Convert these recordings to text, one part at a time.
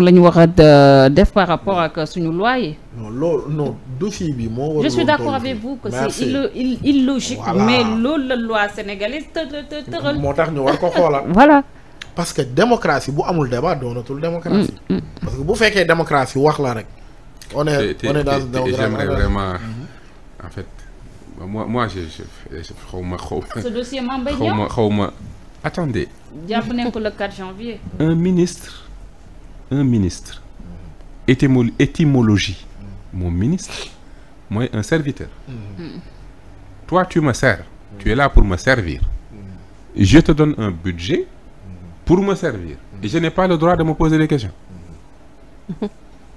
réforme la ñu war a def par rapport ak suñu loi yi. non bi moo. je suis d'accord avec vous que c'est illo illogique. mais loolu la loi sénégalaise të tëral. moo tax ñu war ko xoolal. voilà. parce que démocratie bu amul débat doonatul démocratie. Mm, mm. parce que bu fekkee démocratie wax la rek. on est on est dans une démocratie mm-hmm. en fait moi moi je je xaw ma attendez. jàpp nañ ko le janvier. un ministre. un ministre étymol étymologie moom ministre mooy un serviteur toi tu me sers tu es là pour me servir je te donne un budget pour me servir et je n'ai pas le droit de me poser des questions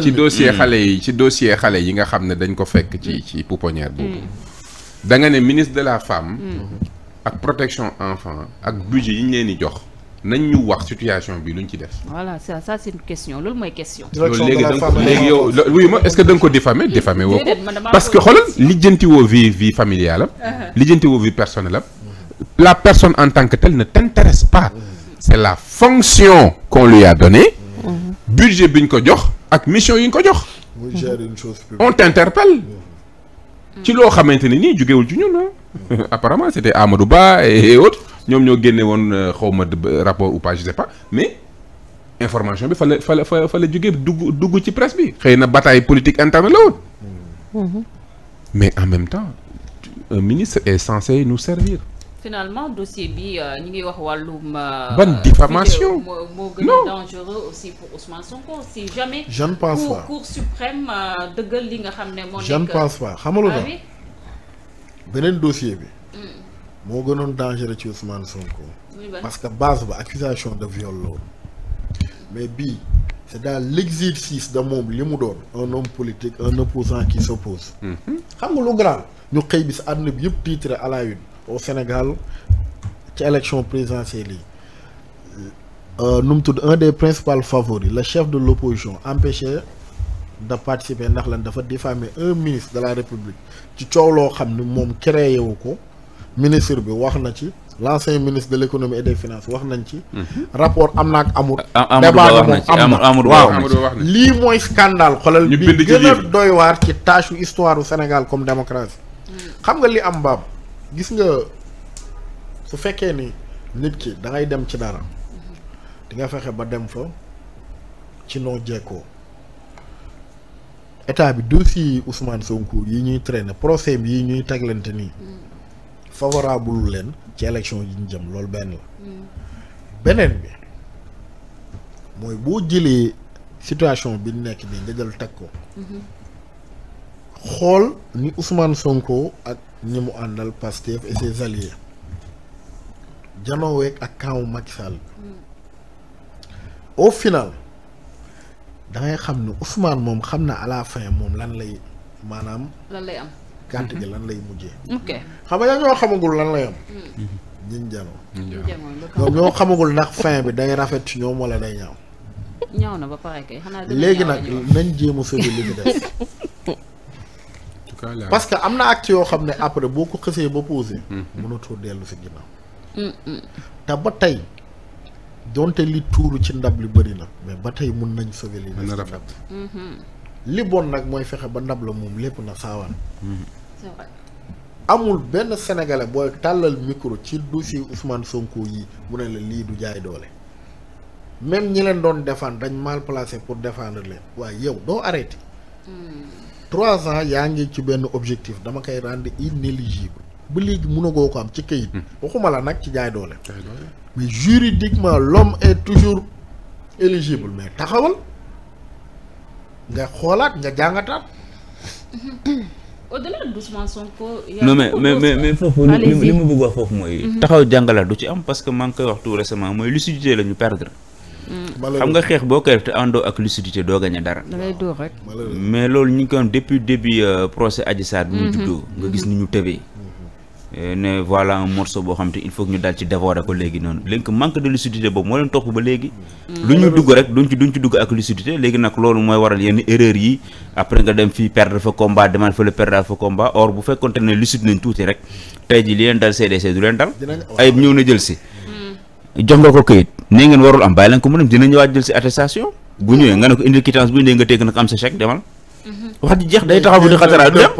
ci dossier xale yi ci dossier mm. xale yi ci dossier xale yi nga xam ne dañ ko fekk ci ci pouponnière boobu mm. da nga ne ministre de la femme mm. ak protection enfant ak budget yi ñu leen di jox nañ ñu wax situation bi ñu ci def. voilà ça ça c'est une question loolu mooy question. loolu léegi da ko léegi yow wuyu ma est-ce que da nga ko diffamé diffamé woo ko parce que xoolal lijjanti woo vie vie am. Uh-huh. lijjanti woo vie personnelle am. la personne en tant que telle ne t'intéresse pas. c'est la fonction qu'on lui a donnée. budget bi ñu ko jox ak mission yi ñu ko jox. muy gérer une chose t'interpelle. Hmm. ci loo xamante ni nii jugewul ci ñun apparemment c'était Amadou Ba et autres ñoom ñoo génne woon euh, xawma ma rapport ou pas je mais information bi fa la fa la fa la jugee dugg dugg ci presse bi. xëy na bataille politique interne la woon. Hmm. Hmm. mais en même temps un ministre est censé nous servir. finalement dossier bi euh, ñu ngi wax wàllum. Euh, ban diffamation moo moo gën a dangereux aussi pour Ousmane Sonko si jamais. je ne pense pas cour suprême euh, xam ne moo nekk. Ah beneen dossier bi. Mm. moo gën gënoon dangereux ci Ousmane Sonko. parce que base ba accusation de viol loolu. mais bii c'est dans l'exercice de moom li mu doon un homme politique un opposant qui s'oppose. Mm-hmm. xam nga lu grand ñu xëy bi sa àdduna bi yëpp titre à la une. au Sénégal ci élection présidentielle yi euh, nu mu tudd un des principaux favoris la chef de l'opposition empêché de participer ndax lan dafa diffamer un ministre de la République ci coow loo xam ni moom créé yow ko ministre bi wax na ci l'ancien ministre de l'économie et des finance wax nañ ci. Mhm. rapport am na ak amul. débat moom am na waaw lii mooy scandale xolal bi gën a ci tâche histoire Sénégal comme démocratie mhm. xam nga li am baab. gis nga su fekkee ni nit ki da dem ci dara di nga fexe ba dem fa ci noo jekkoo état bi dossier Ousmane Sonko yi ñuy traîner procès bi yi ñuy teglante ni favorable leen ci élection yi ñu jëm loolu benn la beneen bi mooy boo jëlee situation bi nekk nii nga jël teg ko xool ni Ousmane Sonko ak ñi mu àndal Pastef et ses alliés janooweeg ak kaamu Macky Sall au final dangay xam ne Ousmane moom xam na à fin moom lan lay maanaam. lan lay am. gàtt lan lay mujjee. ok ñoo xamagul lan lay am. Mm-hmm. xamagul ndax fin bi day rafet ci ñoom wala day ñaaw. ñaaw na ba pare kay xanaa léegi nag nañ jéem a sauver li parce que am na acte yoo xam ne après boo ko xësee ba posé. mënatoo dellu si ginnaaw. te ba tey donte li tuuru ci ndab li bëri na mais ba tey mun nañ sauver li. na rafet mhm. li bon nag mooy fexe ba ndab la moom lépp na saawaan. Mhm. amul benn sénégalais booy tàllal micro ci dossier Ousmane Sonko yi mu ne la lii du jaay doole même ñi leen doon défendre dañ mal placé pour défendre leen waaye yow doo arrêté. Hmm. trois ans yaa ngi ci benn objectif dama koy rendre inéligible ba léegi mënagoo ko am ci këyit. Hmm. waxuma la nag ci jaay doole. mais juridiquement l'homme est toujours éligible mais taxawal nga xoolaat nga jàngataat. au-delà d'Ousmane Sonko. non mais mais mais mais foofu li li mu bëgg wax foofu mooy. Mm-hmm. taxaw jàngalaat du ci am parce que maa ngi koy wax tout récemment mooy lucidité la ñu perdre. xam nga xeex boo koy def te àndoo ak lucidité doo gañ a dara. da ngay mais loolu ñu ngi koy am depuis début euh, procès Adji Sarr bi mu mhm. juddoo nga gis ni ñu tëbee. Mhm. Euh, ne voilà un morceau boo xam te il faut que ñu daal ci a ko léegi noonu léegi ko manque de lucidité boobu moo leen topp ba léegi mhm. lu ñu dugg rek duñ ci dugg ak lucidité léegi nag loolu mooy waral yenn erreur yi après nga dem fii perdre fa combat demaat fa le perdre fa combat or bu fekkonte ne lucide nañ tuuti rek tey ji li dal CDC du leen dal ñëw na jël si jox nga ko këyit nee ngeen warul am bàyyi leen ko mu dem dina ñëwaat si attestation bu ñëwee nga ne ko indil bu ñëwee nga teg nag am sa chèque demal. Mhm. wax di jeex day taxaw bu di xataraat dem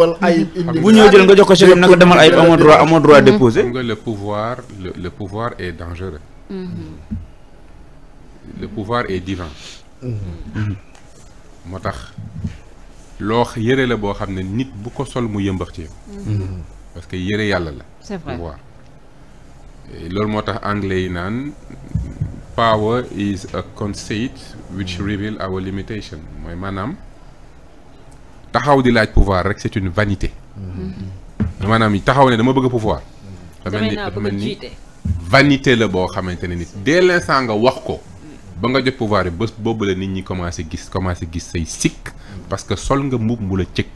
bu ñëw jël nga jox ko chèque am a demal ayib amoo droit amoo droit mhm. déposer. nga le pouvoir le le pouvoir dangereux. Mhm. le pouvoir est divin. moo tax loo yëre la boo xam ne nit bu ko sol mu yëmbax ci yow. parce que yëre yàlla la. loolu moo tax anglais yi naan. power is a conceit which reveal our limitation mooy maanaam taxaw di laaj pouvoir rek c'est une vanité mm-hmm. maanaam taxaw ne dama bëgg pouvoir mm-hmm. dafa mel ni vanité la boo xamante ne nit mm-hmm. dès saa nga wax ko ba nga jot pouvoir yi bés boobu la nit ñi commencé gis commencé gis say sikk parce que sol nga mbub mu la cëkk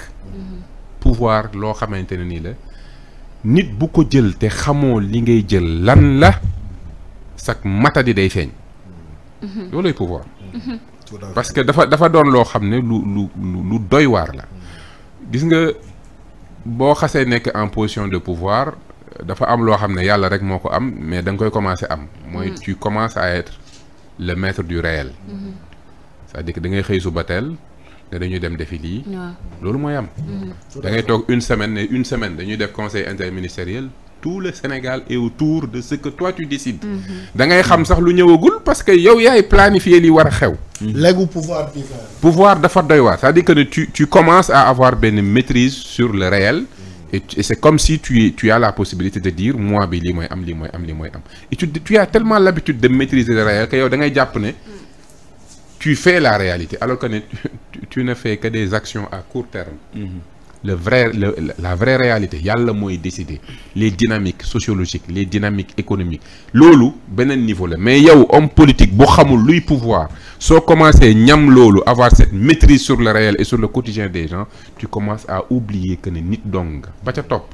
pouvoir loo xamante ne nii la nit bu ko jël te xamoo li ngay jël lan la sak matadi day feeñ. Mhm. loolooy pouvoir. Mhm. parce que dafa dafa doon loo xam ne lu lu lu doy waar la. gis nga boo xasee nekk en position de pouvoir dafa am loo xam ne yàlla rek moo ko am mais danga koy commencer am. mooy mhm. tu commences à être le maître du réel. c'est-à-dire que da ngay xëy suba teel ne dañuy dem defi lii. loolu mooy am. da ngay toog une semaine ne une semaine dañuy def conseil interministériel. tout le Sénégal est autour de ce que toi tu décides. Mm-hmm. da ngay xam sax lu ñëwagul parce que yow yaay planifier li war a xew. Mm-hmm. léegi pouvoir bi pouvoir dafa doy waar c'est-à-dire que ne tu tu commences à avoir benn maîtrise sur le réel. et et c'est comme si tu tu as la possibilité de dire moi bi lii mooy am li mooy am lii mooy am tu tu as tellement l'habitude de maîtriser le réel que yow da jàpp ne. tu fais la réalité alors que ne tu, tu ne fais que des actions à court terme. Mm-hmm. le vrai la vraie réalité yàlla mooy décider les dynamiques sociologiques les dynamiques économiques loolu beneen niveau la mais yow homme politique bu xamul luy pouvoir soo commencé ñam loolu avoir cette maîtrise sur le réel et sur le quotidien des gens tu commences à oublier que ne nit dong nga ba ca topp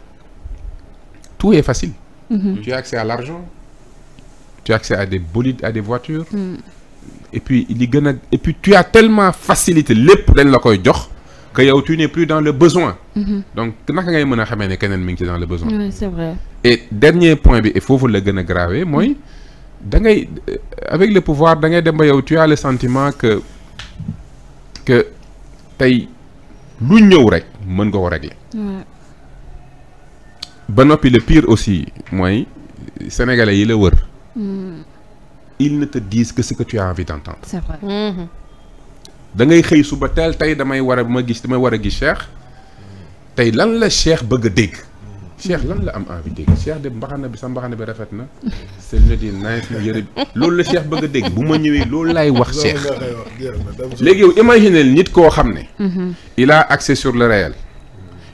tout est facile mm tu as accès à l'argent tu a accès à des bolides à des voitures mm. et puis li gën a et puis tu as tellement facilité lépp dañ la koy jox que yow tu n'es plus dans le besoin. Mm-hmm. donc naka ngay mën a xamee ne keneen mi ngi ci dans le besoin. c'est vrai. et dernier point bi foofu la gën a grave mooy mm-hmm. da ngay euh, avec le pouvoir da ngay dem ba yow tu as le sentiment que que tey lu ñëw rek mën nga ko régler. ba noppi le pire aussi mooy sénégalais yi la wër. Mm. da ngay xëy suba teel tey damay war a ma gis damay war a gis Cheikh tey lan la Cheikh bëgg a dégg. Cheikh lan la am envie dégg Cheikh de mbaxana bi sa mbaxana bi rafet na. sëñ bi di naan si loolu la Cheikh bëgg a dégg bu ma ñëwee loolu laay wax. Cheikh léegi yow imaginez nit koo xam ne. Mhm. il a accès sur le réel.